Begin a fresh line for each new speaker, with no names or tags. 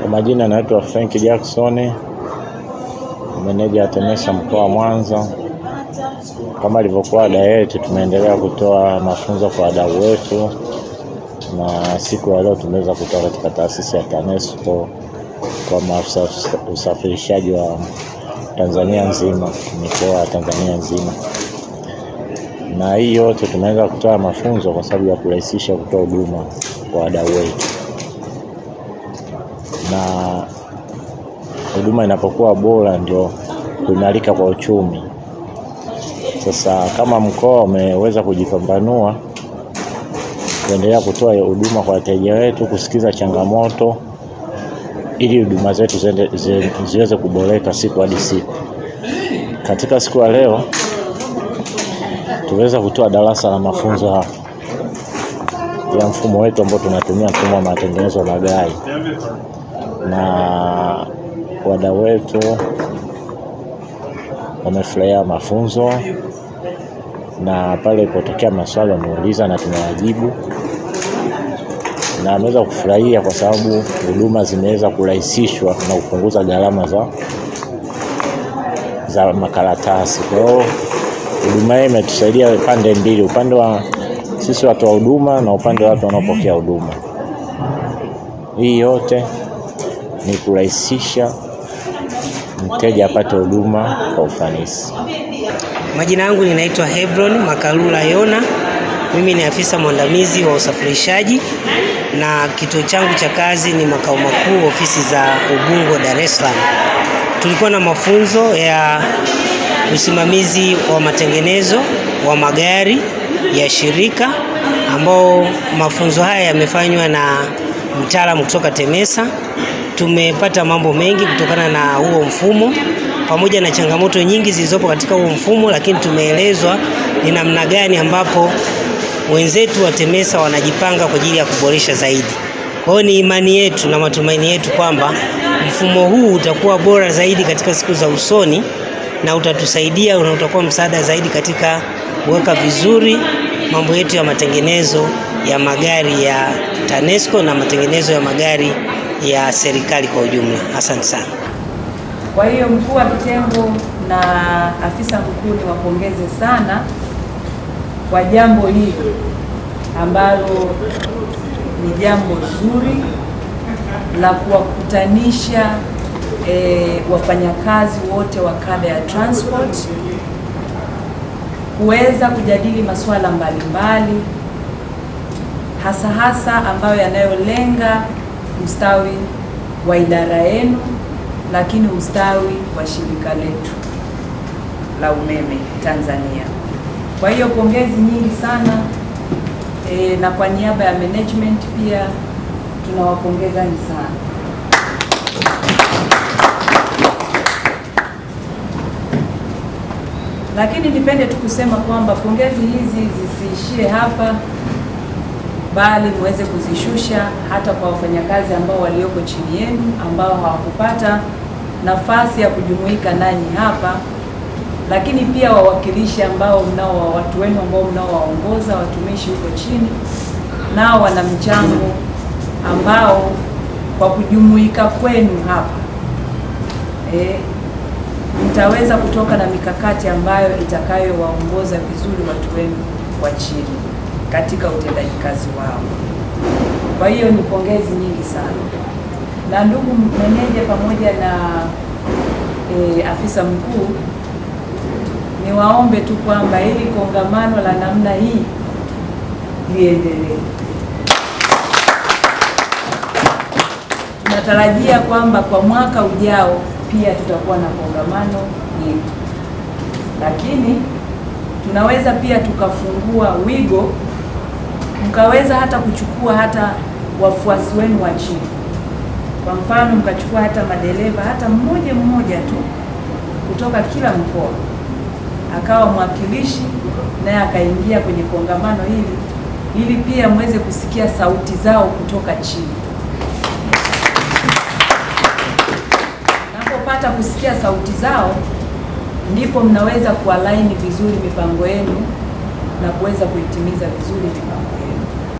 Kwa majina anaitwa Frank Jackson, meneja ya TEMESA mkoa wa Mwanza. Kama ilivyokuwa ada yetu, tumeendelea kutoa mafunzo kwa wadau wetu, na siku ya leo tumeweza kutoa katika taasisi ya TANESCO kwa maafisa usafirishaji wa Tanzania nzima, mikoa ya Tanzania nzima, na hii yote tumeweza kutoa mafunzo kwa sababu ya kurahisisha kutoa huduma kwa wadau wetu na huduma inapokuwa bora ndio kuimarika kwa uchumi. Sasa kama mkoa umeweza kujipambanua kuendelea kutoa huduma kwa wateja wetu, kusikiza changamoto ili huduma zetu ziweze kuboreka siku hadi siku. Katika siku ya leo tuweza kutoa darasa la mafunzo hapa ya mfumo wetu ambao tunatumia mfumo wa matengenezo ya magari na wadau wetu wamefurahia mafunzo, na pale ipotokea maswali wameuliza na tumewajibu, na wameweza kufurahia kwa sababu huduma zimeweza kurahisishwa na kupunguza gharama za, za makaratasi. Kwa hiyo huduma hii imetusaidia pande mbili, upande wa sisi watoa huduma na upande wa watu wanaopokea huduma. Hii yote ni kurahisisha mteja apate huduma kwa ufanisi.
Majina yangu ninaitwa Hebron Makalula Yona. Mimi ni afisa mwandamizi wa usafirishaji na kituo changu cha kazi ni makao makuu ofisi za Ubungo, Dar es Salaam. Tulikuwa na mafunzo ya usimamizi wa matengenezo wa magari ya shirika ambao mafunzo haya yamefanywa na mtaalamu kutoka TEMESA tumepata mambo mengi kutokana na huo mfumo pamoja na changamoto nyingi zilizopo katika huo mfumo, lakini tumeelezwa ni namna gani ambapo wenzetu wa TEMESA wanajipanga kwa ajili ya kuboresha zaidi. Kwa hiyo ni imani yetu na matumaini yetu kwamba mfumo huu utakuwa bora zaidi katika siku za usoni na utatusaidia na utakuwa msaada zaidi katika kuweka vizuri mambo yetu ya matengenezo ya magari ya TANESCO na matengenezo ya magari ya serikali kwa ujumla. Asante sana.
Kwa hiyo mkuu wa kitengo na afisa mkuu ni wapongeze sana kwa jambo hili ambalo ni jambo zuri la kuwakutanisha e, wafanyakazi wote wa kada ya transport kuweza kujadili masuala mbalimbali hasa hasa ambayo yanayolenga ustawi wa idara yenu, lakini ustawi wa shirika letu la umeme Tanzania. Kwa hiyo pongezi nyingi sana e, na kwa niaba ya management pia tunawapongezani sana. Lakini nipende tu kusema kwamba pongezi hizi zisiishie hapa, bali muweze kuzishusha hata kwa wafanyakazi ambao walioko chini yenu ambao hawakupata nafasi ya kujumuika nanyi hapa, lakini pia wawakilishi ambao mnao watu wenu ambao mnaowaongoza watumishi huko chini, nao wana mchango ambao kwa kujumuika kwenu hapa eh, mtaweza kutoka na mikakati ambayo itakayowaongoza vizuri watu wenu wa chini katika utendaji kazi wao. Kwa hiyo ni pongezi nyingi sana, na ndugu meneja pamoja na e, afisa mkuu, niwaombe tu kwamba ili kongamano la namna hii liendelee. Tunatarajia kwamba kwa mwaka ujao pia tutakuwa na kongamano hili, lakini tunaweza pia tukafungua wigo, mkaweza hata kuchukua hata wafuasi wenu wa chini, kwa mfano mkachukua hata madereva hata mmoja mmoja tu kutoka kila mkoa, akawa mwakilishi naye akaingia kwenye kongamano hili, ili pia mweze kusikia sauti zao kutoka chini. mnapopata kusikia sauti zao ndipo mnaweza kualaini vizuri mipango yenu na kuweza kuitimiza vizuri mipango